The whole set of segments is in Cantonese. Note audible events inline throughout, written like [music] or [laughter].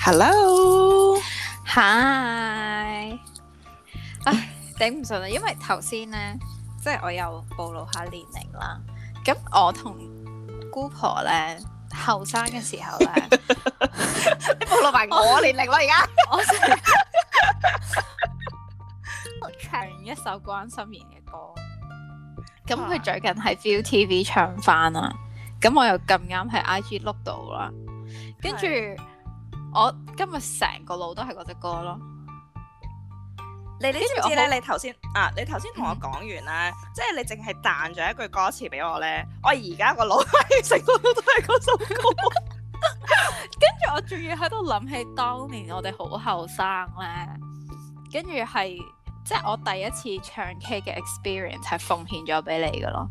Hello, hi！唉，頂唔順啊！因為頭先咧，即係我又暴露下年齡啦。咁我同姑婆咧，後生嘅時候咧，你暴 [laughs] 露埋我年齡啦！而家 [laughs] 我唱一首關心妍嘅歌，咁佢最近係 FeelTV 唱翻啦。咁、嗯、我、呃、 [laughs] 又咁啱喺 IG 碌到啦，跟住。 [laughs] 我今日成個腦都係嗰隻歌咯。你你知唔知咧？你頭先啊，你頭先同我講完啦，嗯、即係你淨係彈咗一句歌詞俾我咧。我而家個腦係成個都係嗰首歌。跟住我仲要喺度諗起當年我哋好後生咧，跟住係即係我第一次唱 K 嘅 experience 係奉獻咗俾你噶咯。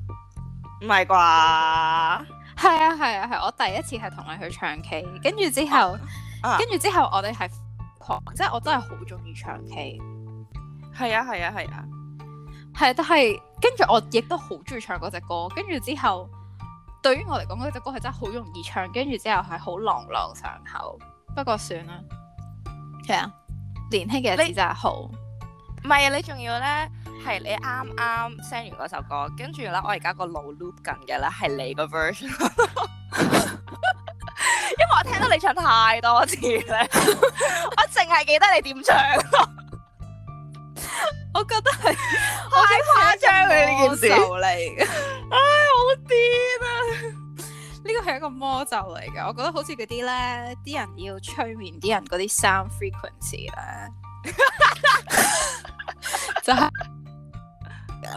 唔係啩？係啊係啊係、啊！我第一次係同你去唱 K，跟住之後。 [laughs] 跟住、啊、之後，我哋係狂， [music] 即係我真係好中意唱 K。係啊，係啊，係啊，係、啊。但係跟住我亦都好中意唱嗰隻歌。跟住之後，對於我嚟講，嗰、那、隻、個、歌係真係好容易唱。跟住之後係好朗朗上口。不過算啦。係啊，年輕嘅日子你真係好。唔係啊，你仲要咧，係你啱啱 send 完嗰首歌，跟住咧，我而家個腦 loop 緊嘅啦，係你個 version。 [laughs] 得你唱太多次咧， [laughs] 我淨係記得你點唱。 [laughs] 我覺得係， [laughs] 我哋拍親你呢件事嚟嘅。唉，好癲啊！呢個係一個魔咒嚟嘅。好啊、 [laughs] 我覺得好似嗰啲咧，啲人要催眠啲人嗰啲 sound frequency 咧，就係咁。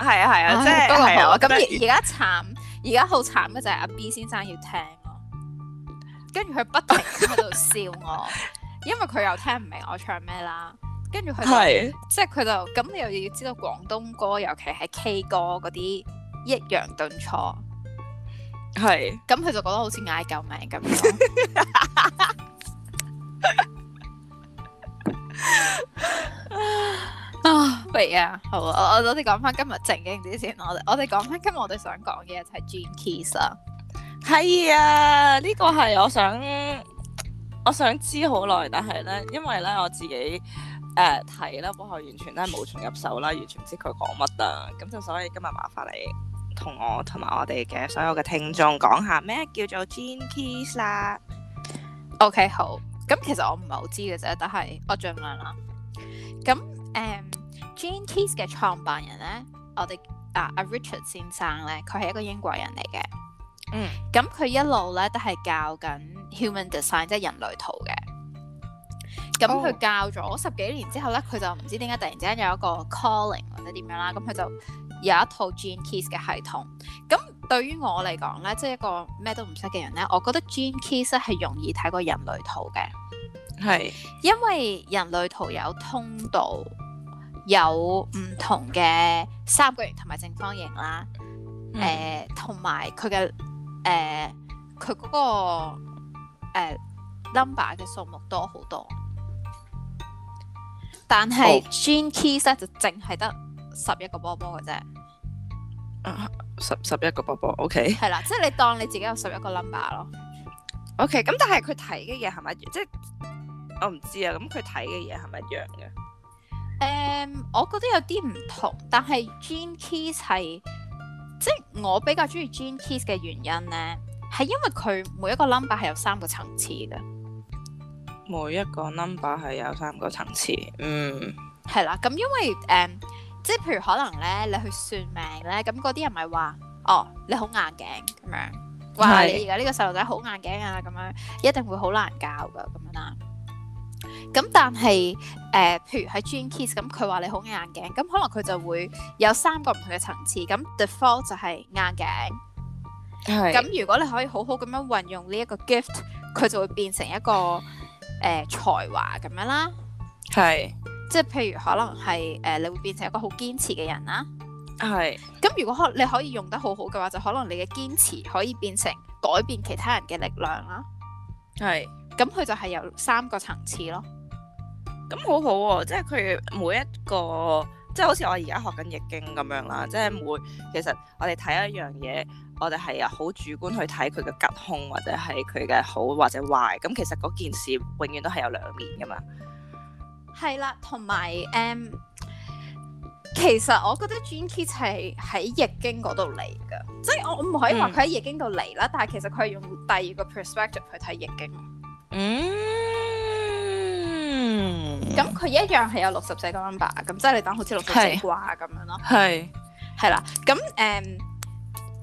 係啊，係啊，即、哎、係都係啊。咁而而家慘，而家好慘嘅就係阿 B 先生要聽。跟住佢不停喺度笑我， [laughs] 因為佢又聽唔明我唱咩啦。跟住佢，是即係佢就咁，你又要知道廣東歌，尤其係 K 歌嗰啲抑揚頓挫。係是。咁佢就覺得好似嗌救命咁樣。啊， [laughs] [laughs] [laughs] [laughs] [laughs] 喂啊，好啊，我我哋講翻今日正經先先，我我哋講翻今日我哋想講嘅就係、是、Gene Keys 啊。係啊，呢、這個係我想我想知好耐，但係呢，因為呢，我自己誒睇啦，不、呃、過完全都係無從入手啦，完全唔知佢講乜啊。咁就所以今日麻煩你同我同埋我哋嘅所有嘅聽眾講下咩叫做 Gene Keys 啦。OK，好。咁其實我唔係好知嘅啫，但係我盡量啦。咁誒、嗯、Gene Keys 嘅創辦人呢，我哋啊 Richard 先生呢，佢係一個英國人嚟嘅。嗯，咁佢一路咧都係教緊 Human Design，即係人類圖嘅。咁佢教咗十幾年之後咧，佢、哦、就唔知點解突然之間有一個 calling 或者點樣啦。咁佢就有一套 Gene Keys 嘅系統。咁對於我嚟講咧，即、就、係、是、一個咩都唔識嘅人咧，我覺得 Gene Keys 係容易睇過人類圖嘅。係是，因為人類圖有通道，有唔同嘅三角形同埋正方形啦。誒、呃，同埋佢嘅。誒，佢嗰、uh, 嗰個誒、uh, number 嘅數目多好多，但係 Gene、oh. Keys 呢就淨係得十一個波波嘅啫。十十一個波波，OK。係啦，即係你當你自己有十一個 number 咯。OK，咁但係佢睇嘅嘢係咪即係我唔知啊？咁佢睇嘅嘢係咪一樣嘅？誒，um, 我覺得有啲唔同，但係 Gene Keys 係。即係我比較中意 Gene Keys 嘅原因咧，係因為佢每一個 number 係有三個層次嘅。每一個 number 係有三個層次，嗯，係啦。咁因為誒、嗯，即係譬如可能咧，你去算命咧，咁嗰啲人咪話，哦，你好硬頸咁樣，哇，是你而家呢個細路仔好硬頸啊，咁樣一定會好難教噶，咁樣啦。咁但係誒、呃，譬如喺 Gene Keys 咁佢話你好硬頸，咁、嗯、可能佢就會有三個唔同嘅層次。咁、嗯、default 就係硬頸。係是。咁、嗯、如果你可以好好咁樣運用呢一個 gift，佢就會變成一個誒、呃、才華咁樣啦。係是。即係譬如可能係誒、呃，你會變成一個好堅持嘅人啦。係是。咁、嗯嗯、如果可你可以用得好好嘅話，就可能你嘅堅持可以變成改變其他人嘅力量啦。係是。咁佢就係有三個層次咯。咁好好、啊、喎，即係佢每一個，即係好似我而家學緊易經咁樣啦，嗯、即係每，其實我哋睇一樣嘢，我哋係有好主觀去睇佢嘅吉凶，或者係佢嘅好或者壞。咁其實嗰件事永遠都係有兩面噶嘛。係啦，同埋，誒、嗯，其實我覺得 Gene Keys 係喺易經嗰度嚟噶，即係我我唔可以話佢喺易經度嚟啦，嗯、但係其實佢係用第二個 perspective 去睇易經。嗯。嗯，咁佢、嗯、一樣係有六十四個 number，咁即係你當好似六十四卦咁樣咯。係係、呃、是啦，咁誒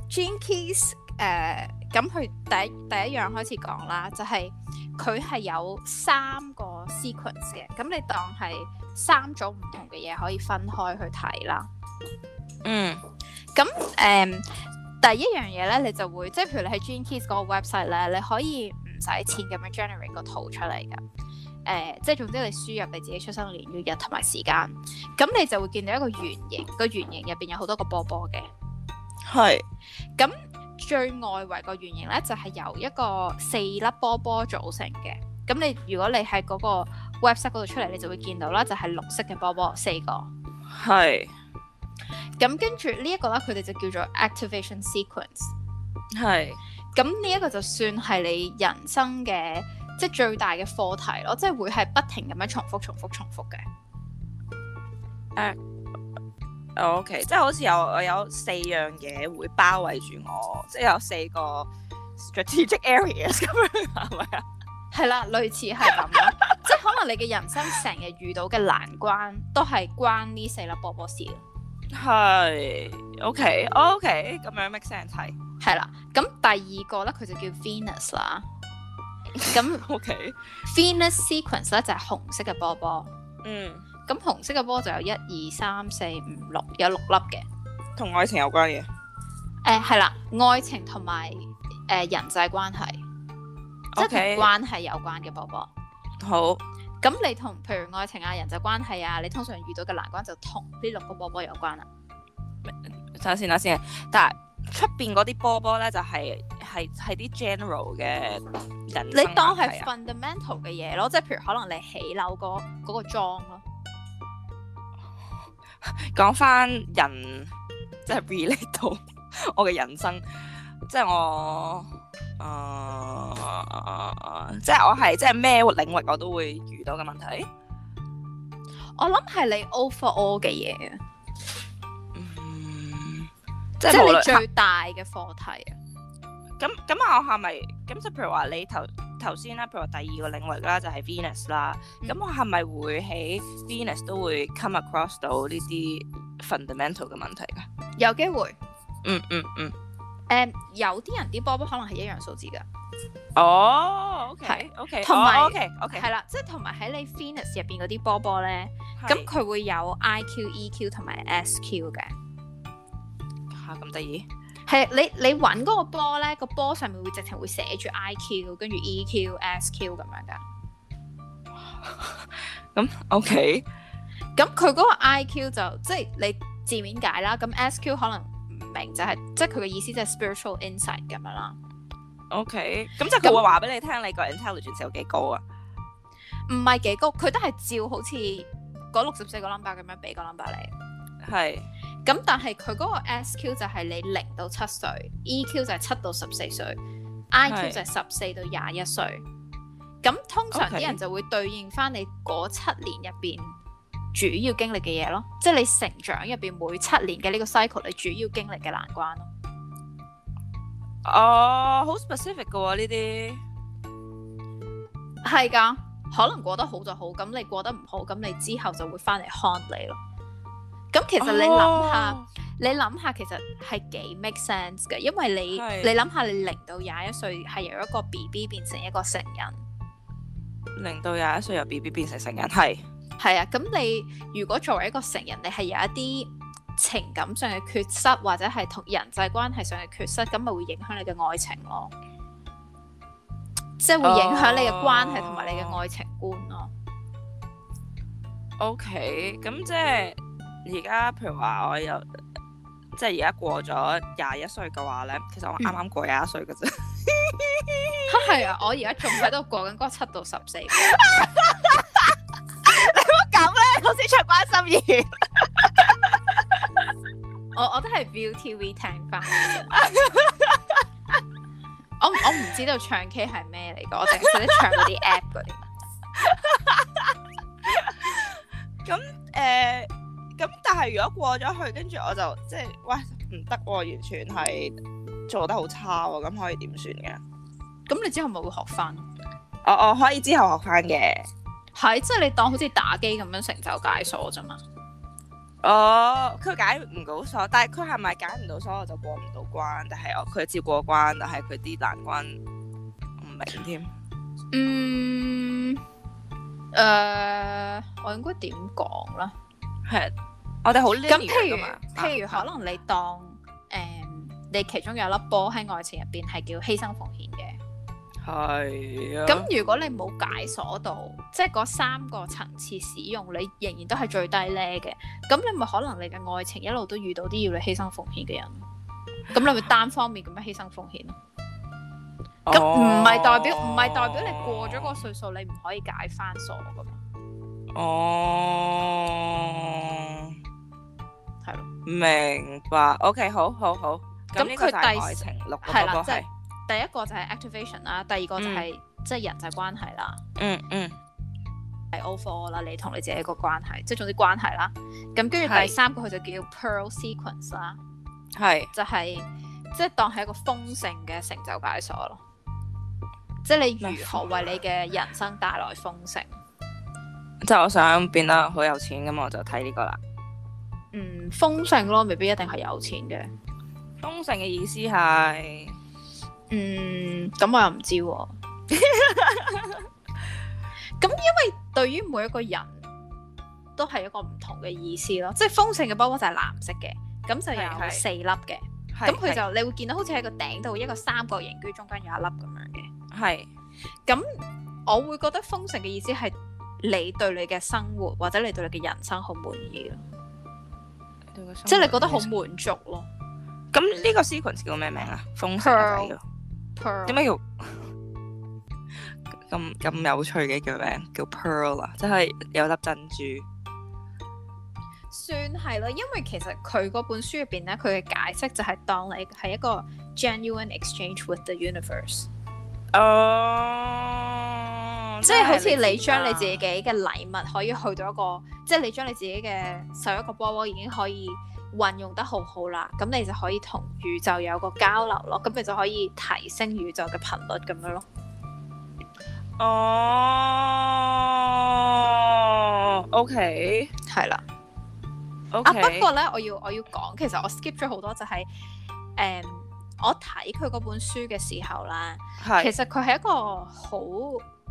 ，Gene Keys 誒，咁、um, 佢、uh, 第一第一樣開始講啦，就係佢係有三個 sequence 嘅，咁你當係三種唔同嘅嘢可以分開去睇啦。嗯，咁誒，um, 第一樣嘢咧，你就會即係譬如你喺 Gene Keys 嗰個 website 咧，你可以唔使錢咁樣 generate 個圖出嚟噶。誒，即係總之，就是、你輸入你自己出生年月日同埋時間，咁你就會見到一個圓形，個圓形入邊有好多個波波嘅。係。咁最外圍個圓形呢，就係由一個四粒波波組成嘅。咁你如果你喺嗰個 website 嗰度出嚟，你就會見到啦，就係綠色嘅波波，四個。係。咁跟住呢一個呢，佢哋就叫做 activation sequence。係。咁呢一個就算係你人生嘅。即係最大嘅課題咯，即係會係不停咁樣重複、重複、重複嘅。誒、uh，OK，即係好似有有四樣嘢會包圍住我，即係有四個 strategic areas 咁樣，係咪啊？係啦，類似係咁， [laughs] 即係可能你嘅人生成日遇到嘅難關都係關呢四粒波波事咯。OK，OK，咁樣 make sense 係。係啦，咁第二個咧，佢就叫 Venus 啦。咁，Okay，Venus Sequence 咧就係紅色嘅波波，嗯，咁紅色嘅波就有一二三四五六，有六粒嘅，同愛情有關嘅，誒係、呃、啦，愛情同埋誒人際關係，即係同關係有關嘅波波，好，咁你同譬如愛情啊、人際關係啊，你通常遇到嘅難關就同呢六個波波有關啦、啊，等下先啦先，得。等等等等但出邊嗰啲波波咧，就係、係、係係啲 general 嘅人。你當係 fundamental 嘅嘢咯，即係譬如可能你起樓嗰嗰個樁咯。講翻人，即係 relate 到我嘅人生，即係我誒、呃、即係我係即係咩領域我都會遇到嘅問題。我諗係你 over all 嘅嘢。即係你最大嘅課題啊？咁咁我係咪咁？就譬如話你頭頭先啦，譬如話第二個領域啦、嗯，就係 Venus 啦。咁我係咪會喺 Venus 都會 come across 到呢啲 fundamental 嘅問題㗎？有機會。嗯嗯嗯。誒、嗯嗯嗯，有啲人啲波波可能係一樣數字㗎。哦，OK，OK，同埋 OK，OK，係啦，即係同埋喺你 Venus 入邊嗰啲波波咧，咁佢是會有 IQ、EQ 同埋 SQ 嘅。咁得意，係、啊、你你揾嗰個波咧，個波上面會直情會寫住 I Q 跟住 E Q S Q 咁樣噶。咁、 [laughs] 嗯、OK，咁佢嗰個 I Q 就即係你字面解啦。咁 S Q 可能唔明就係、是，即係佢嘅意思即係 spiritual insight 咁樣啦。OK，咁就佢會話俾你聽、嗯、你個 intelligence 有幾高啊？唔係幾高，佢都係照好似嗰六十四個 number 咁樣俾個 number 你。係。咁但係佢嗰個 S Q 就係你零到七歲，E Q 就係七到十四歲，I Q 就係十四到廿一歲。咁是通常啲 Okay. 人就會對應翻你嗰七年入邊主要經歷嘅嘢咯，即係你成長入邊每七年嘅呢個 cycle 你主要經歷嘅難關咯。哦、uh，好 specific 噶呢啲，係噶，可能過得好就好，咁你過得唔好，咁你之後就會翻嚟 haunt 你咯。咁其實你諗下，oh. 你諗下其實係幾 make sense 嘅，因為你是你諗下，你零到廿一歲係由一個 BB 變成一個成人，零到廿一歲由 BB 變成成人，係係啊。咁你如果作為一個成人，你係有一啲情感上嘅缺失，或者係同人際關係上嘅缺失，咁咪會影響你嘅愛情咯，啊，oh. 即係會影響你嘅關係同埋你嘅愛情觀咯，啊。OK，咁即係。而家譬如話我有，即係而家過咗廿一歲嘅話咧，其實我啱啱過廿一歲嘅啫。哈係啊，我而家仲喺度過緊嗰七到十四。你乜咁咧？我先唱關心妍。我我都係 ViuTV 聽翻。我我唔知道唱 K 係咩嚟噶，我淨係識唱嗰啲 app 啲。咁 [laughs] 誒。 [laughs] 呃咁但係如果過咗去，跟住，我就即係喂唔得喎，完全係做得好差喎，咁可以點算嘅？咁你之後咪會學翻？哦，我可以之後學翻嘅。係即係你當好似打機咁樣成就解鎖啫嘛。哦，佢解唔到鎖，但係佢係咪解唔到鎖我就過唔到關？但係我佢接過關，但係佢啲難關唔明添。嗯，誒、呃，我應該點講咧？係，我哋好叻。咁譬如譬如，啊、譬如可能你當誒，啊嗯、你其中有粒波喺愛情入邊係叫犧牲奉獻嘅。係啊。咁如果你冇解鎖到，即係嗰三個層次使用，你仍然都係最低 level 嘅。咁你咪可能你嘅愛情一路都遇到啲要你犧牲奉獻嘅人。咁你咪單方面咁樣犧牲奉獻咯。咁唔係代表唔係代表你過咗個歲數，你唔可以解翻鎖噶嘛？哦，係咯，明白。OK，好好好。咁佢、嗯、第四，係愛情六個係，即係、第一個就係 activation 啦，第二個就係即係人際關係啦、嗯。嗯嗯，係 overall 啦，你同你自己個關係，即、就、係、是、總之關係啦。咁跟住第三個佢就叫 Pearl Sequence 啦的，係就係即係當係一個豐盛嘅成就解鎖咯，即、就、係、是、你如何為你嘅人生帶來豐盛。的 [laughs] 即係我想變得好有錢，咁我就睇呢個啦。嗯，豐盛咯，未必一定係有錢嘅。豐盛嘅意思係，嗯，咁我又唔知。咁 [laughs] [laughs] 因為對於每一個人都係一個唔同嘅意思咯。即係豐盛嘅包包就係藍色嘅，咁就有四粒嘅。咁佢是是 就是是你會見到好似喺個頂度一個三角形，居中間有一粒咁樣嘅。係。咁我會覺得豐盛嘅意思係。你對你嘅生活或者你對你嘅人生好滿意咯，即係你覺得好滿足咯。咁呢個 sequence 叫咩名啊？風生雞咯。Pearl。點解叫咁咁 [laughs] 有趣嘅叫名？叫 Pearl 啊，即係有粒珍珠。算係咯，因為其實佢嗰本書入邊咧，佢嘅解釋就係當你係一個 genuine exchange with the universe。Uh Okay, 即係好似你將你自己嘅禮物可以去到一個，即係你將你自己嘅上一個波波已經可以運用得好好啦，咁你就可以同宇宙有個交流咯，咁你就可以提升宇宙嘅頻率咁樣咯。哦、oh，OK，係啦。OK、啊、不過咧，我要我要講，其實我 skip 咗好多、就是，就係，誒，我睇佢嗰本書嘅時候啦，是其實佢係一個好。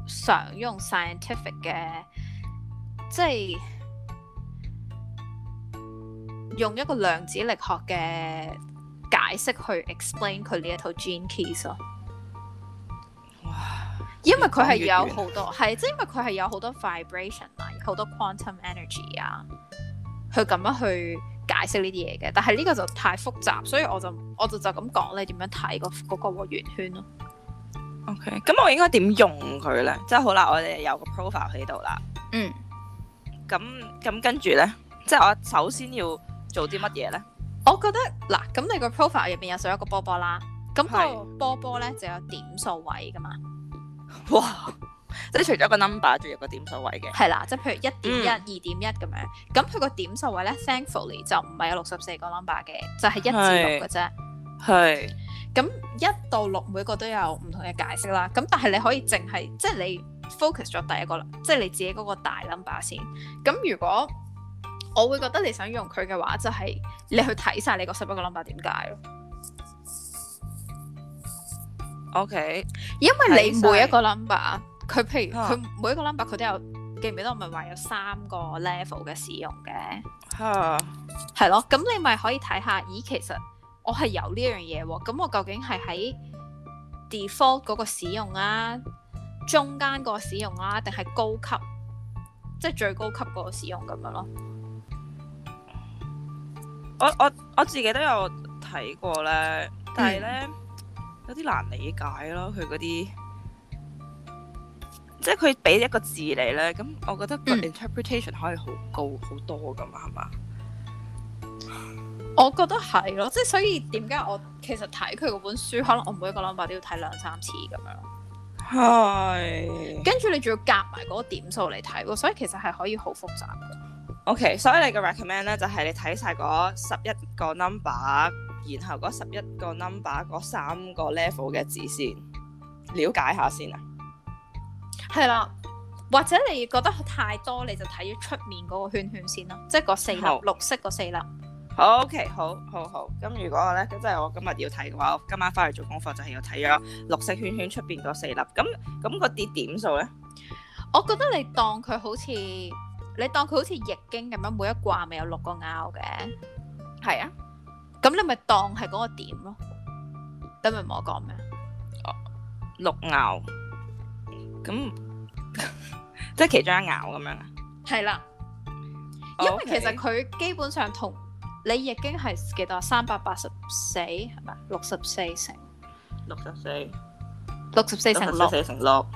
常用 scientific 嘅，即係用一個量子力學嘅解釋去 explain 佢呢一套 Gene Keys 咯。哇！因為佢係有好多，係即係因為佢係有好多 vibration 啊，好多 quantum energy 啊，去咁樣去解釋呢啲嘢嘅。但係呢個就太複雜，所以我就我就就咁講你點樣睇個嗰個圓圈咯。OK，咁我應該點用佢咧？即係好啦，我哋有個 profile 喺度啦。嗯。咁咁跟住咧，即係我首先要做啲乜嘢咧？我覺得嗱，咁你個 profile 入邊有所一個波波啦。係。咁個波波咧是就有點數位噶嘛？哇！即係除咗個 number 仲有個點數位嘅。係 [laughs] 啦，即係譬如一點一、二點一咁樣。咁佢個點數位咧，thankfully 就唔係有六十四個 number 嘅，就係一至六嘅啫。係。咁一到六每個都有唔同嘅解釋啦，咁但係你可以淨係即係你 focus 咗第一個啦，即係你自己嗰個大 number 先。咁如果我會覺得你想用佢嘅話，就係、是、你去睇晒你個十一個 number 點解咯。OK，因為你每一個 number，佢小譬如佢每一個 number 佢都有 Huh. 記唔記得我咪話有三個 level 嘅使用嘅嚇，係 Huh. 咯，咁你咪可以睇下，咦其實。我係有呢樣嘢喎，咁我究竟係喺 default 嗰個使用啊，中間個使用啊，定係高級，即係最高級個使用咁樣咯？我我我自己都有睇過咧，但係咧、嗯、有啲難理解咯，佢嗰啲即係佢俾一個字嚟咧，咁我覺得個 interpretation、嗯、可以好高好多噶嘛，係嘛？我覺得係咯，即係所以點解我其實睇佢嗰本書，可能我每一個 number 都要睇兩三次咁樣。係是。跟住你仲要夾埋嗰個點數嚟睇喎，所以其實係可以好複雜嘅。OK，所以你嘅 recommend 咧就係你睇晒嗰十一個 number，然後嗰十一個 number 嗰三個 level 嘅字先，了解下先啊。係啦，或者你覺得太多，你就睇咗出面嗰個圈圈先啦，即係嗰四粒好綠色嗰四粒。OK，好，好好。咁如果咧，即係我今日要睇嘅話，我今晚翻去做功課就係要睇咗綠色圈圈出邊嗰四粒。咁咁個跌點數咧？我覺得你當佢好似，你當佢好似易經咁樣，每一卦咪有六個爻嘅，係、嗯、啊。咁你咪當係嗰個點咯。你明唔明我講咩啊？哦，六爻？咁 [laughs] 即係其中一爻咁樣啊？係啦。因為其實佢基本上同。你易經係幾多？三百八十四，唔係六十四乘六十四，六十四乘六，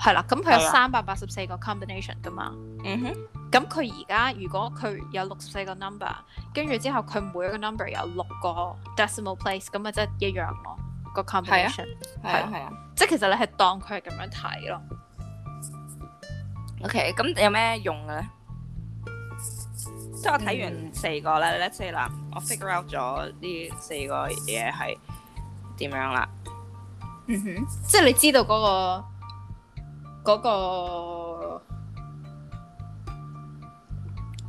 係啦。咁佢有三百八十四個 combination 㗎嘛？Mm hmm. 嗯哼。咁佢而家如果佢有六十四個 number，跟住之後佢每一個 number 有六個 decimal place，咁咪即係一樣咯。個 combination 係啊，係啊，即係其實你係當佢係咁樣睇咯。Mm hmm. OK，咁有咩用嘅咧？即我睇完四個咧、嗯、Let's say 啦，我 figure out 咗呢四個嘢係點樣啦。嗯哼，即係你知道嗰、嗰個嗰、嗰個、嗰個、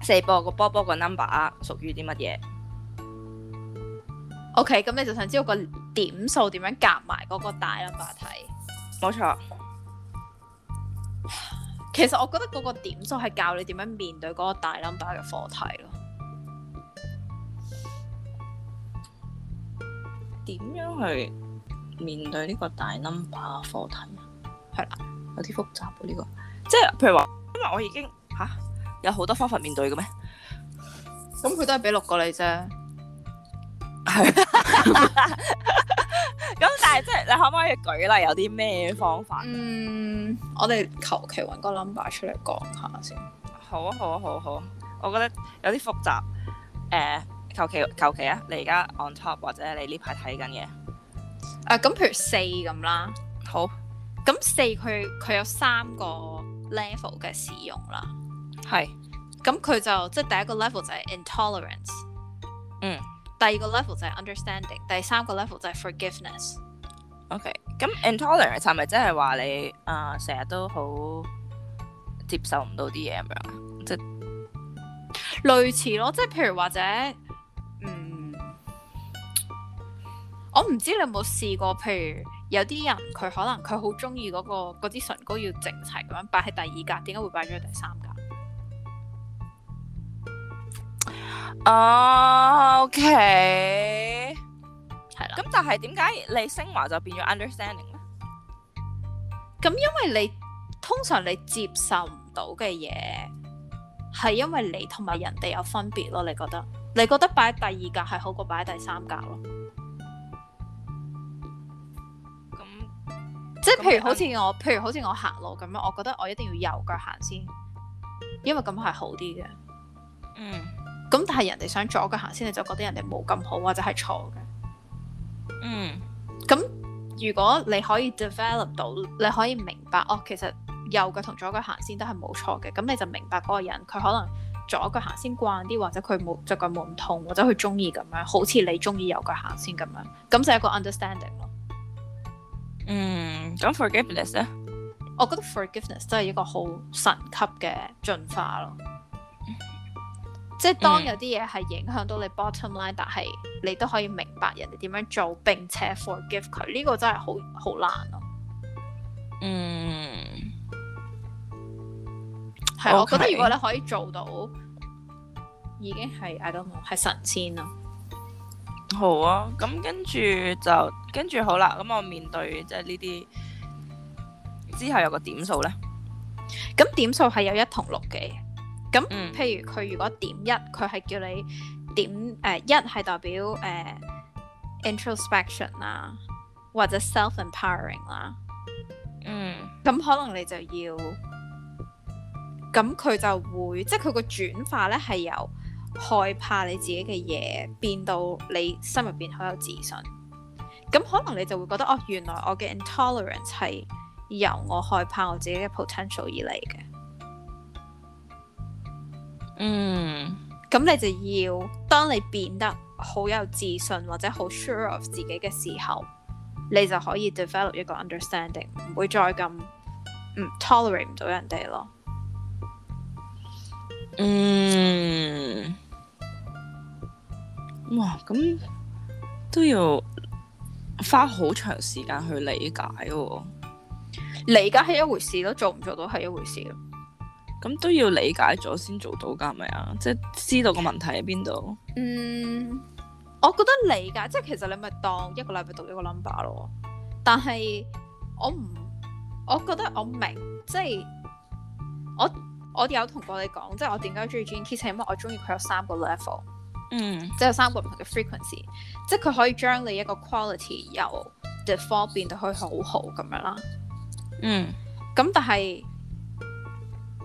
四波個波波個 number 屬於啲乜嘢？OK，咁你就想知道個點數點樣夾埋嗰個大 number 睇。冇錯。其實我覺得嗰個點數係教你點樣面對嗰個大 number 嘅課題咯。點樣去面對呢個大 number 課題？係啦，有啲複雜啊，呢個，即係譬如話，因為我已經吓有好多方法面對嘅咩？咁佢都係俾六個你啫。係。 [laughs] [laughs] 誒，即係 [noise] 你可唔可以舉例有啲咩方法？嗯，我哋求其搵個 number 出嚟講下先。好啊，好啊，好啊，我覺得有啲複雜。誒、呃，求其求其啊，你而家 on top 或者你呢排睇緊嘢。誒、啊，咁譬如四咁啦。好。咁四，佢佢有三個 level 嘅使用啦。係。咁佢就即係第一個 level 就係 intolerance。嗯。第二個 level 就係 understanding，第三個 level 就係 forgiveness。OK，咁 intolerance 係咪即係話你啊，成、呃、日都好接受唔到啲嘢，咁樣即係類似咯，即係譬如或者，嗯，我唔知你有冇試過，譬如有啲人佢可能佢好中意，嗰個嗰啲唇膏要整齊咁樣擺喺第二格，點解會擺咗喺第三格？OK。咁就係點解你升華就變咗 understanding 咧？咁因為你通常你接受唔到嘅嘢，係因為你同埋人哋有分別咯。你覺得，你覺得擺第二格係好過擺第三格咯？咁、嗯、即係譬如好似我、嗯、我，譬如好似我行路咁樣，我覺得我一定要右腳行先，因為咁係好啲嘅。嗯。咁但係人哋想左腳行先，你就覺得人哋冇咁好或者係錯嘅。嗯，咁如果你可以 develop 到，你可以明白哦，其實右腳同左腳行先都係冇錯嘅，咁你就明白嗰個人佢可能左腳行先慣啲，或者佢冇隻腳冇咁痛，或者佢中意咁樣，好似你中意右腳行先咁樣，咁就係一個 understanding 咯。嗯，咁 forgiveness 咧、eh？我覺得 forgiveness 都係一個好神級嘅進化咯。即係當有啲嘢係影響到你 bottom line，但係你都可以明白人哋點樣做，並且 forgive 佢，呢個真係好好難咯啊。嗯，係，Okay. 我覺得如果你可以做到，已經係 I don't know，係神仙咯。好啊，咁跟住就跟住好啦，咁我面對即係呢啲之後有個點數咧，咁點數係有一同六嘅。咁，譬如佢如果點一，佢係叫你點誒、呃、一係代表誒、呃、introspection 啦，或者 self empowering 啦。嗯。咁可能你就要，咁佢就會，即係佢個轉化咧，係由害怕你自己嘅嘢變到你心入邊好有自信。咁可能你就會覺得，哦，原來我嘅 intolerance 係由我害怕我自己嘅 potential 而嚟嘅。嗯，咁你就要當你變得好有自信或者好 sure of 自己嘅時候，你就可以 develop 一個 understanding，唔會再咁、嗯、tolerate 唔到人哋咯。嗯，哇，咁都要花好長時間去理解喎，啊。理解係一回事咯，做唔做到係一回事。咁都要理解咗先做到噶，係咪啊？即係知道個問題喺邊度？嗯，我覺得理解即係其實你咪當一個禮拜讀一個 number 咯。但係我唔，我覺得我明，即係我我有同過你講，即係我點解最中意 Gene Keys，係因為我中意佢有三個 level。嗯，即係有三個唔同嘅 frequency，即係佢可以將你一個 quality 由 default 變到去好好咁樣啦。嗯，咁但係。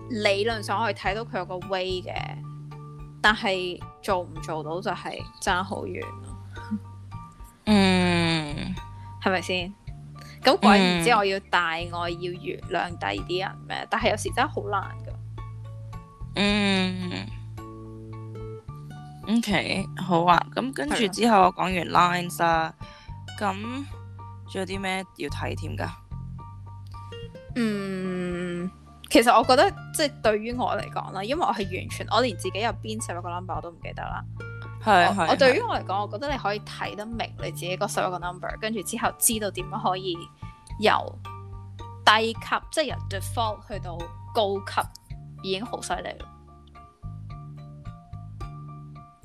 理論上我係睇到佢有個 way 嘅，但係做唔做到就係爭好遠咯。嗯，係咪先？咁鬼唔知我要大愛要原諒第啲人咩？但係有時真係好難㗎。嗯。OK，好啊。咁跟住之後我講完 lines 啊，咁仲有啲咩要睇添㗎？嗯。其實我覺得，即係對於我嚟講啦，因為我係完全，我連自己有邊十一個 number 我都唔記得啦。係，我對於我嚟講，係，我覺得你可以睇得明你自己嗰十一個 number，跟住之後知道點樣可以由低級，即係由 default 去到高級，已經好犀利咯。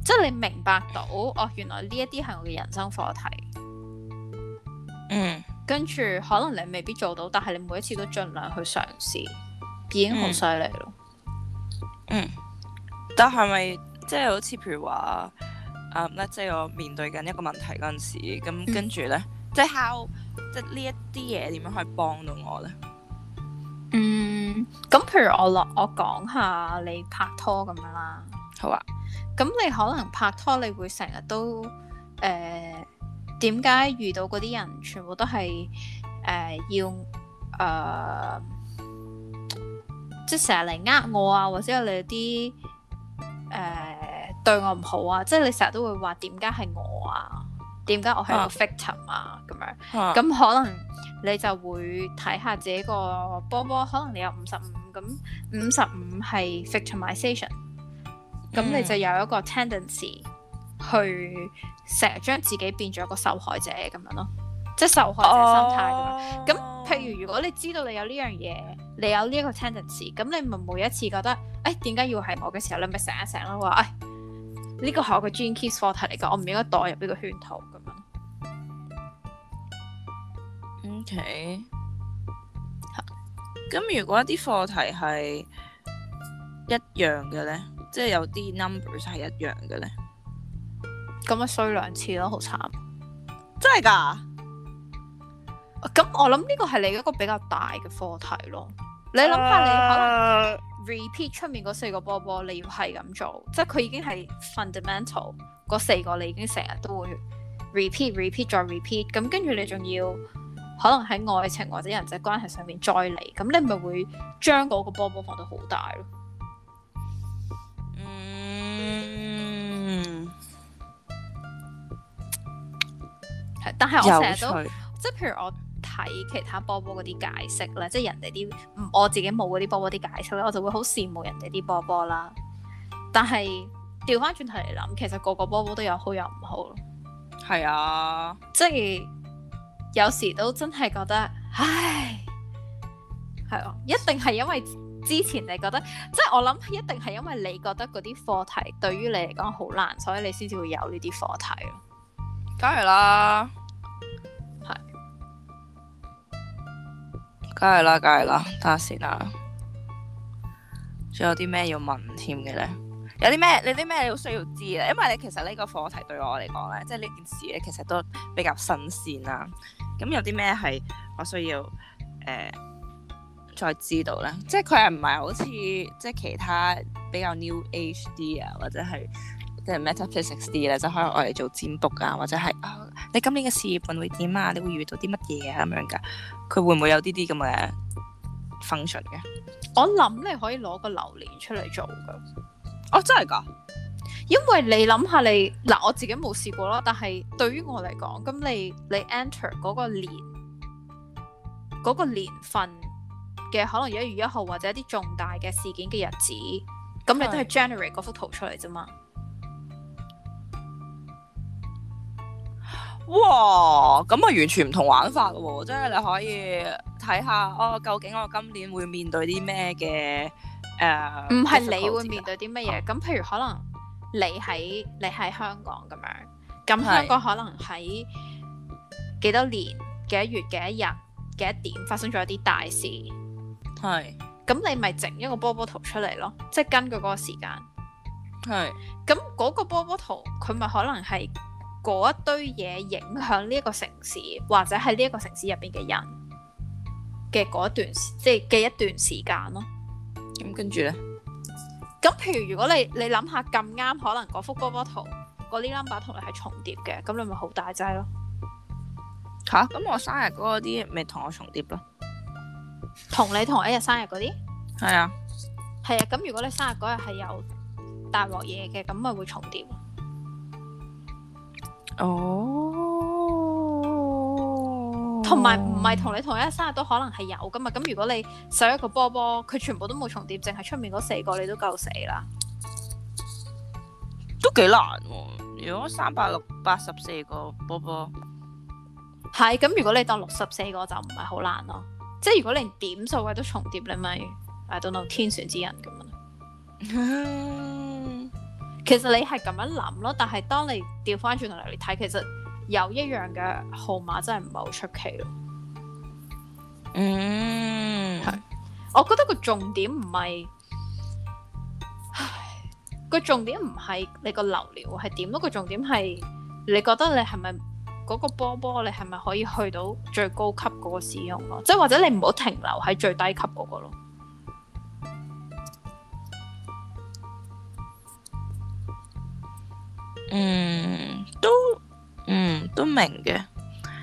即係你明白到，哦，原來呢一啲係我嘅人生課題。嗯。跟住可能你未必做到，但係你每一次都盡量去嘗試。已經好犀利咯，嗯，但係咪即係好似譬如話啊，即、嗯、係、即係、我面對緊一個問題嗰陣時，咁、嗯、跟住咧，即係 how 即係呢一啲嘢點樣可以幫到我咧？嗯，咁、嗯、譬如我落我講下你拍拖咁樣啦，好啊，咁你可能拍拖你會成日都誒，點、呃、解遇到嗰啲人全部都係誒、呃、要誒？呃即係成日嚟呃我啊，或者你啲誒、呃、對我唔好啊，即係你成日都會話點解係我啊？點解我係個 victim 啊？咁、啊、樣咁、啊、可能你就會睇下自己個波波，可能你有五十五，咁五十五係 victimization，咁你就有一個 tendency 去成日將自己變咗個受害者咁樣咯，即係受害者心態咁。咁、哦、譬如如果你知道你有呢樣嘢。你有呢一個 tendency，咁你咪每一次覺得，誒點解要係我嘅時候，你咪醒一醒咯，話誒呢個係我嘅 Gene Keys 課題嚟嘅，我唔應該代入呢個圈套咁樣。O K，嚇，咁如果一啲課題係一樣嘅呢，即係有啲 numbers 係一樣嘅呢，咁咪衰兩次咯，好慘。真係㗎。咁我諗呢個係你一個比較大嘅課題咯。你諗下，你可能 repeat 出面嗰四個波波，你要係咁做，即係佢已經係 fundamental 嗰四個，你已經成日都會 repeat，repeat 再 repeat。咁跟住你仲要可能喺愛情或者人際關係上面再嚟，咁你咪會將嗰個波波放到好大咯。嗯。但係我成日都趣即係譬如我。睇其他波波嗰啲解釋啦，即係人哋啲，我自己冇嗰啲波波啲解釋咧，我就會好羨慕人哋啲波波啦。但係調翻轉頭嚟諗，其實個個波波都有好有唔好咯。係啊，即係有時都真係覺得，唉，係啊，一定係因為之前你覺得，即係我諗，一定係因為你覺得嗰啲課題對於你嚟講好難，所以你先至會有呢啲課題咯。梗係啦，係。梗係啦，梗係啦，等下先啦。仲有啲咩要問添嘅咧？有啲咩？你啲咩好需要知咧？因為你其實呢個課題對我嚟講咧，即係呢件事咧，其實都比較新鮮啦。咁有啲咩係我需要誒、呃、再知道咧？即係佢係唔係好似即係其他比較 new HD 啊，或者係、啊、即係 metaphysics 啲咧，就可以我嚟做占卜啊，或者係你今年嘅事業運會點啊？你會遇到啲乜嘢啊？咁樣噶，佢會唔會有啲啲咁嘅 function 嘅？我諗你可以攞個流年出嚟做噶。哦，真係噶！因為你諗下你嗱，我自己冇試過啦，但係對於我嚟講，咁你你 enter 嗰個年嗰、嗰個、年份嘅可能一月一號或者一啲重大嘅事件嘅日子，咁你都係 generate 嗰幅圖出嚟啫嘛。哇，咁啊完全唔同玩法喎！即係你可以睇下哦，究竟我今年會面對啲咩嘅？誒、呃，唔係你會面對啲乜嘢？咁、啊、譬如可能你喺你喺香港咁樣，咁香港可能喺幾多年、幾是多月、幾多日、幾多點發生咗一啲大事。係是。咁你咪整一個波波圖出嚟咯，即係根據嗰個時間。係是。咁嗰個波波圖，佢咪可能係？嗰一堆嘢影響呢一個城市，或者喺呢一個城市入邊嘅人嘅嗰一段，即係嘅一段時間咯。咁跟住咧，咁譬如如果你你諗下咁啱，可能嗰幅波波圖嗰啲 number 同你係重疊嘅，咁你咪好大劑咯。吓，咁我生日嗰啲咪同我重疊咯，同你同一日生日嗰啲。係啊，係啊。咁如果你生日嗰日係有大鑊嘢嘅，咁咪會重疊。哦，同埋唔係同你同一生日都可能係有噶嘛？咁如果你收一個波波，佢全部都冇重疊，淨係出面嗰四個你都夠死啦，都幾難喎！如果三百六八十四個波波，係咁如果你當六十四個就唔係好難咯，即係如果連點數位都重疊，你咪 I don't know 天選之人咁啊！ [laughs] 其實你係咁樣諗咯，但係當你調翻轉頭嚟睇，其實有一樣嘅號碼真係唔係好出奇咯。嗯，係。我覺得個重點唔係，唉，個重點唔係你個流料係點，個重點係你覺得你係咪嗰個波波，你係咪可以去到最高級嗰個使用咯？即係或者你唔好停留喺最低級嗰個咯。嗯，都，嗯，都明嘅。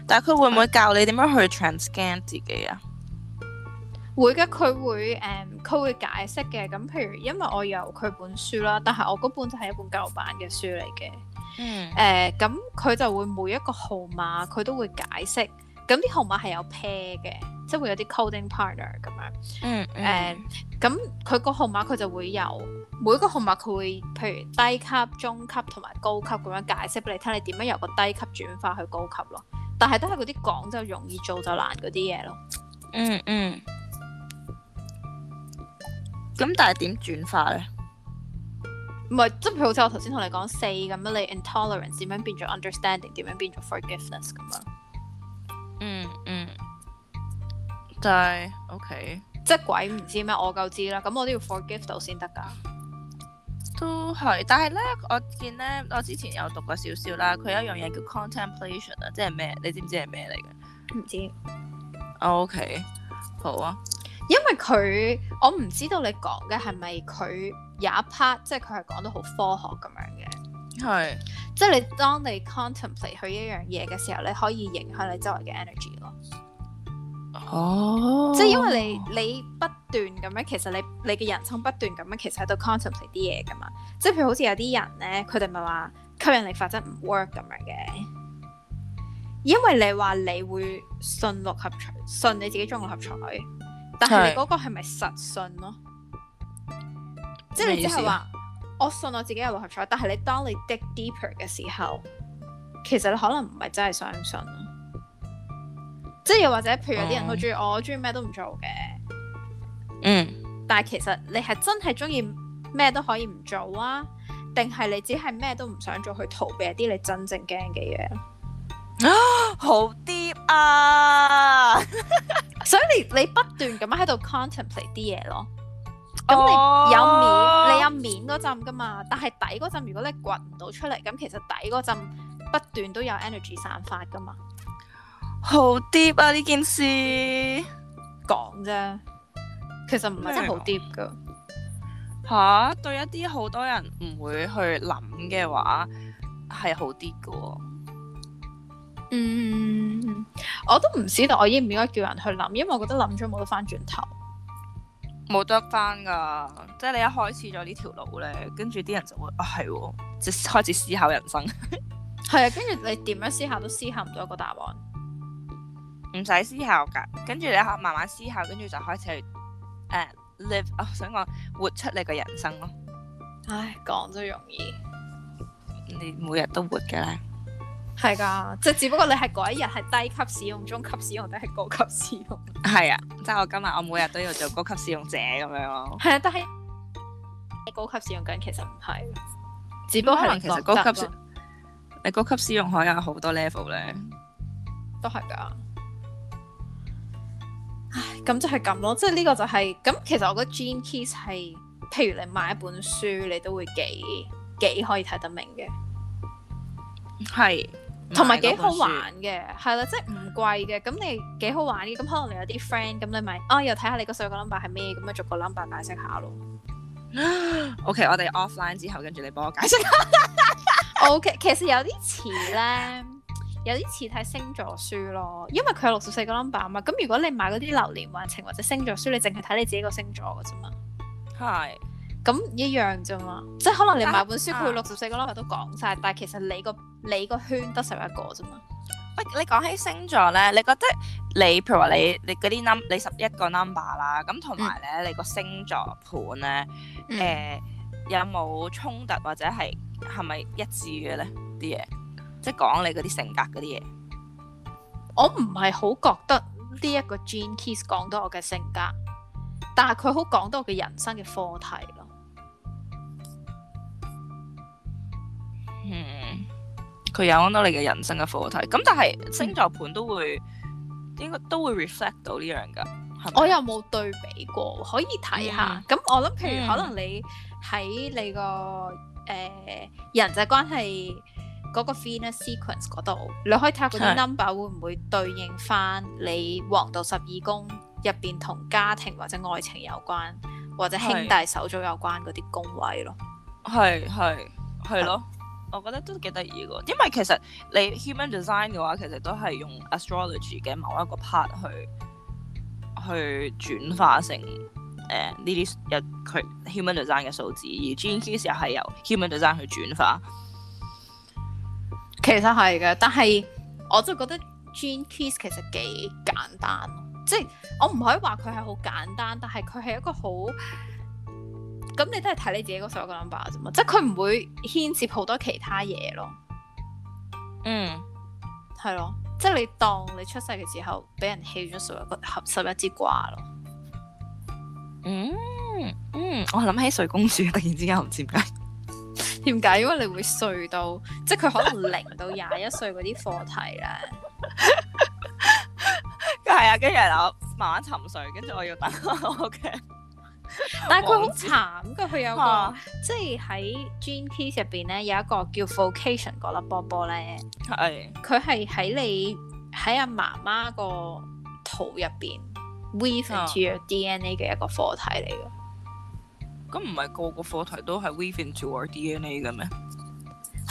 但係佢會唔會教你點樣去 transcend 自己啊？會嘅，佢會，誒、嗯，佢會解釋嘅。咁譬如，因為我有佢本書啦，但係我嗰本就係一本舊版嘅書嚟嘅。嗯。誒、呃，咁佢就會每一個號碼，佢都會解釋。咁啲號碼係有 pair 嘅，即係會有啲 coding partner 咁樣、嗯。嗯。誒、uh，咁佢個號碼佢就會有每個號碼佢會，譬如低級、中級同埋高級咁樣解釋俾你聽，你點樣由個低級轉化去高級咯？但係都係嗰啲講就容易做就難嗰啲嘢咯。嗯嗯。咁、嗯、但係點轉化咧？唔係，即譬如好似我頭先同你講四咁啊，你 intolerance 點樣變咗 understanding，點樣變咗 forgiveness 咁啊？嗯嗯，就係、mm hmm. OK，即係鬼唔知咩，我夠知啦。咁我都要 forgive 到先得噶。都係，但係咧，我見咧，我之前有讀過少少啦。佢、mm hmm. 有一樣嘢叫 contemplation 啊，即係咩？你知唔知係咩嚟嘅？唔知。Oh, OK，好啊。因為佢，我唔知道你講嘅係咪佢有一 part，即係佢係講得好科學咁樣嘅。係，是即係你當你 contemplate 去一樣嘢嘅時候，你可以影響你周圍嘅 energy 咯。哦、oh，即係因為你你不斷咁樣，其實你你嘅人生不斷咁樣，其實喺度 contemplate 啲嘢噶嘛。即係譬如好似有啲人咧，佢哋咪話吸引力法則唔 work 咁樣嘅。因為你話你會信六合彩，信你自己中六合彩，但係你嗰個係咪實信咯？是即係你即係話。我信我自己有六合彩，但係你當你 dig deeper 嘅時候，其實你可能唔係真係相信。即係又或者，譬如有啲人佢中意我，中意咩都唔做嘅。嗯。嗯但係其實你係真係中意咩都可以唔做啊？定係你只係咩都唔想做去逃避一啲你真正驚嘅嘢？ [laughs] 好啲 deep 啊！ [laughs] [laughs] 所以你你不斷咁樣喺度 contemplate 啲嘢咯。咁你有冇，oh! 你有。嗰陣噶嘛，但係底嗰陣如果你掘唔到出嚟，咁其實底嗰陣不斷都有 energy 散發噶嘛。好 deep 啊！呢件事講啫 [music] ，其實唔係真係好 deep 噶。吓，對一啲好多人唔會去諗嘅話，係好啲噶。嗯，我都唔知道我應唔應該叫人去諗，因為我覺得諗咗冇得翻轉頭。冇得返㗎，即係你一開始咗呢條路咧，跟住啲人就會啊，係喎，即係開始思考人生。係 [laughs] 啊， [laughs] 跟住你點樣思考都思考唔到一個答案。唔使思考㗎，跟住你可慢慢思考，跟住就開始誒、uh, live，啊、oh, 想講活出你嘅人生咯。唉，講都容易。你每日都活嘅咧。係噶，即係只不過你係嗰一日係低級使用、中級使用，定係高級使用？係啊， [laughs] [laughs] 即係我今日我每日都要做高級使用者咁樣咯。係啊，但係你高級使用緊其實唔係，只不過可能其實高級使用、啊、你高級使用可以有好多 level 咧，都係噶。唉，咁就係咁咯，即係呢個就係、是、咁。其實我覺得 Gene Keys 係，譬如你買一本書，你都會幾幾可以睇得明嘅，係。同埋幾好玩嘅，係啦，即係唔貴嘅，咁你幾好玩嘅，咁可能你有啲 friend，咁你咪，哦、啊，又睇下你個四個 number 係咩，咁樣逐個 number 解釋下咯。 [laughs] OK，我哋 offline 之後，跟住你幫我解釋下。 [laughs] OK，其實有啲詞咧，有啲似睇星座書咯，因為佢有六十四個 number 啊嘛，咁如果你買嗰啲流年運程或者星座書，你淨係睇你自己個星座嘅啫嘛。係。咁一樣啫嘛，即係可能你買本書，佢六十四個 number 都講晒。但係其實你個你個圈得十一個啫嘛。喂，你講起星座咧，你覺得你譬如話你你嗰啲 number，你十一個 number 啦，咁同埋咧你個星座盤咧，誒、嗯呃、有冇衝突或者係係咪一致嘅咧啲嘢？即係講你嗰啲性格嗰啲嘢。我唔係好覺得呢一個 Gene Keys 講到我嘅性格，但係佢好講到我嘅人生嘅課題。佢有揾到你嘅人生嘅課題，咁但係星座盤都會應該都會 reflect 到呢樣噶。我又冇對比過，可以睇下。咁、嗯、我諗，譬如可能你喺你個誒、嗯呃、人際關係嗰個 final sequence 嗰度，你可以睇 h e 下啲 number 是會唔會對應翻你黃道十二宮入邊同家庭或者愛情有關，或者兄弟手足有關嗰啲宮位咯。係係係咯。我覺得都幾得意喎，因為其實你 human design 嘅話，其實都係用 astrology 嘅某一個 part 去去轉化成呢啲有佢 human design 嘅數字，而 Gene Keys 又係由 human design 去轉化。其實係嘅，但係我就覺得 Gene Keys 其實幾簡單，即係我唔可以話佢係好簡單，但係佢係一個好。咁你都係睇你自己嗰所有個 number 啫嘛，即係佢唔會牽涉好多其他嘢咯。嗯，係咯，即係你當你出世嘅時候，俾人棄咗所有個合十一支卦咯。嗯嗯，我諗起睡公主，突然之間，我唔知點解點解，因為你會睡到， [laughs] 即係佢可能零到廿一歲嗰啲課題咧。係啊， [laughs] 跟住我慢慢沉睡，跟住我要等我嘅。 [laughs] Okay. [laughs] 但係佢好慘㗎，佢有、啊、即係喺 Gene Keys 入邊咧有一個叫 Vocation 嗰粒波波咧，係佢係喺你喺阿媽媽個肚入邊 Weave into your DNA 嘅一個課題嚟嘅。咁唔係個個課題都係 Weave into our DNA 嘅咩？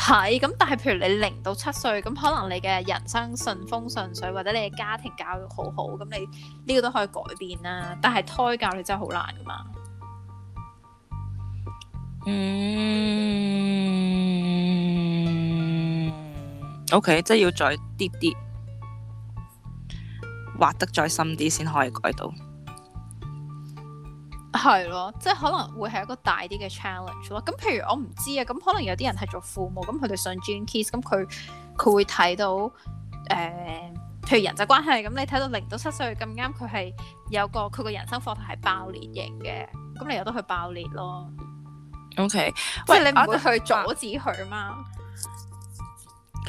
係咁，但係譬如你零到七歲，咁可能你嘅人生順風順水，或者你嘅家庭教育好好，咁你呢個都可以改變啦。但係胎教你真係好難噶嘛。嗯，OK，即係要再 deep 啲，挖得再深啲先可以改到。係咯，即係可能會係一個大啲嘅 challenge 咯。咁譬如我唔知啊，咁可能有啲人係做父母，咁佢哋上 Gene Keys，咁佢佢會睇到誒、呃，譬如人際關係，咁你睇到零到七歲咁啱，佢係有個佢個人生課題係爆裂型嘅，咁你有得去爆裂咯。O Okay . K，喂，喂就你唔會去阻止佢嘛？啊。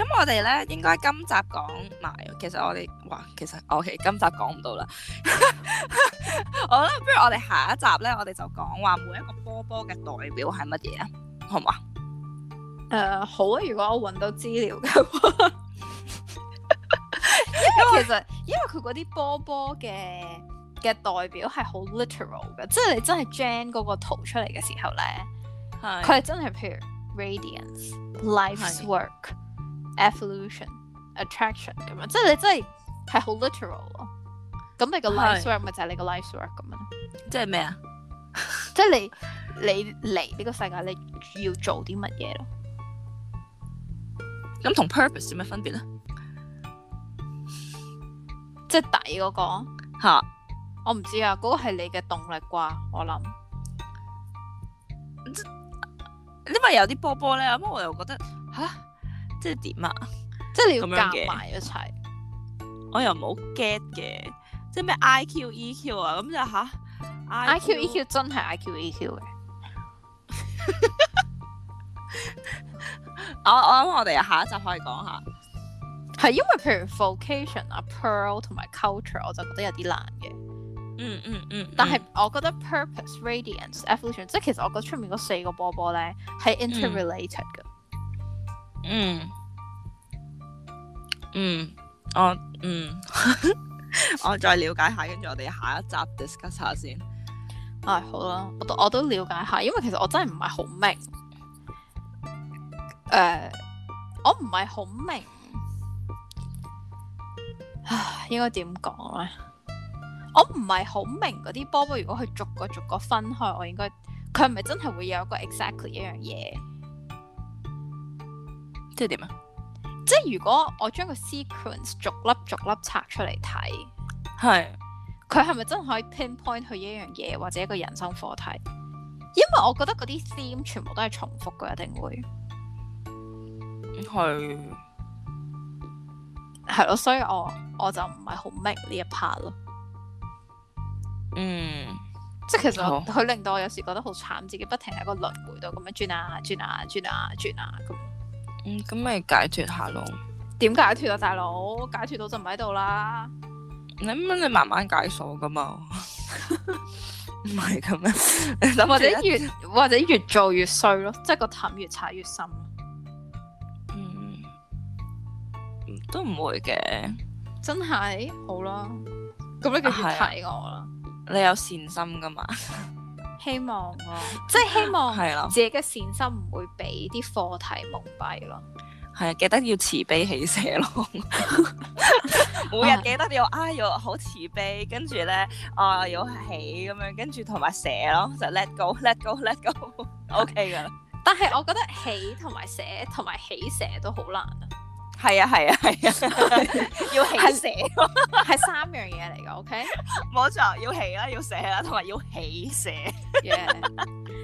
咁我哋咧應該今集講埋，其實我哋話其實 OK，今集講唔到啦。 [laughs] 好啦，不如我哋下一集咧，我哋就講話每一個波波嘅代表係乜嘢啊？好唔好啊？誒，uh, 好啊！如果我搵到資料嘅話，因為其實因為佢嗰啲波波嘅嘅代表係好 literal 嘅，即係你真係 gen 嗰個圖出嚟嘅時候咧，係佢係真係譬如 Radiance Life’s Work。Evolution, Attraction 咁是樣，即係 [laughs] 你真係係好 literal 咯。咁你個 life work 咪就係你個 life work 咁樣。即係咩啊？即係你你嚟呢個世界你要做啲乜嘢咯？咁同 purpose 有咩分別咧？即係底嗰、嗰個吓哈、啊嗰個，我唔知啊。嗰個係你嘅動力啩，我諗。因為有啲波波咧，咁我又覺得吓。即係點啊？即係你要夾埋一齊，我又冇 get 嘅。即係咩 IQ EQ 啊？咁就吓 IQ EQ 真係 IQ EQ 嘅。我我諗我哋下一集可以講下，係因為譬如 vocation [noise] 啊、Pearl 同埋 culture，我就覺得有啲難嘅、嗯。嗯嗯嗯。嗯但係我覺得 purpose, radiance, evolution，即係其實我覺得出面嗰四個波波咧係 interrelated 嘅。嗯嗯，我嗯，我再了解下，跟住我哋下一集 discuss 下先。唉、哎，好啦，我都我都了解下，因為其實我真係唔係好明。誒、uh，我唔係好明。唉，應該點講咧？我唔係好明嗰啲波波，如果佢逐個逐個分開，我應該佢係咪真係會有一個 exactly 一樣嘢？即係點啊？即係如果我將個 sequence 逐粒逐粒拆出嚟睇，係佢係咪真係可以 pinpoint 佢一樣嘢或者一個人生課題？因為我覺得嗰啲 theme 全部都係重複噶，一定會係係咯，所以我我就唔係好 make 呢一 part 咯。嗯，即係其實佢好令到我有時覺得好慘，自己不停喺個輪迴度咁樣轉啊轉啊轉啊轉啊咁。轉啊嗯，咁咪解脫下咯？點解脫啊，大佬？解脫到就唔喺度啦？你咁你慢慢解鎖噶嘛？唔係咁樣， [laughs] 或者越或者越做越衰咯，即係個氹越踩越深。嗯，都唔會嘅，真係好啦。咁、嗯、你繼續睇我啦、啊啊。你有善心噶嘛？ [laughs] 希望咯，啊，即係希望自己嘅善心唔會俾啲課題蒙蔽咯。係啊，記得要慈悲喜捨咯。 [laughs] 每日記得要哎、 [laughs] 啊、要好慈悲，跟住咧，啊要喜咁樣，跟住同埋捨咯，就 let go，let go，let go，OK，okay，噶。 [laughs] 但係我覺得喜同埋捨同埋喜捨都好難啊。係啊係啊係啊，啊啊啊 [laughs] 要起寫蛇係 [laughs] [laughs] 三樣嘢嚟㗎，OK？冇錯，要起啦，要寫啦，同埋要起寫。 [laughs] yeah.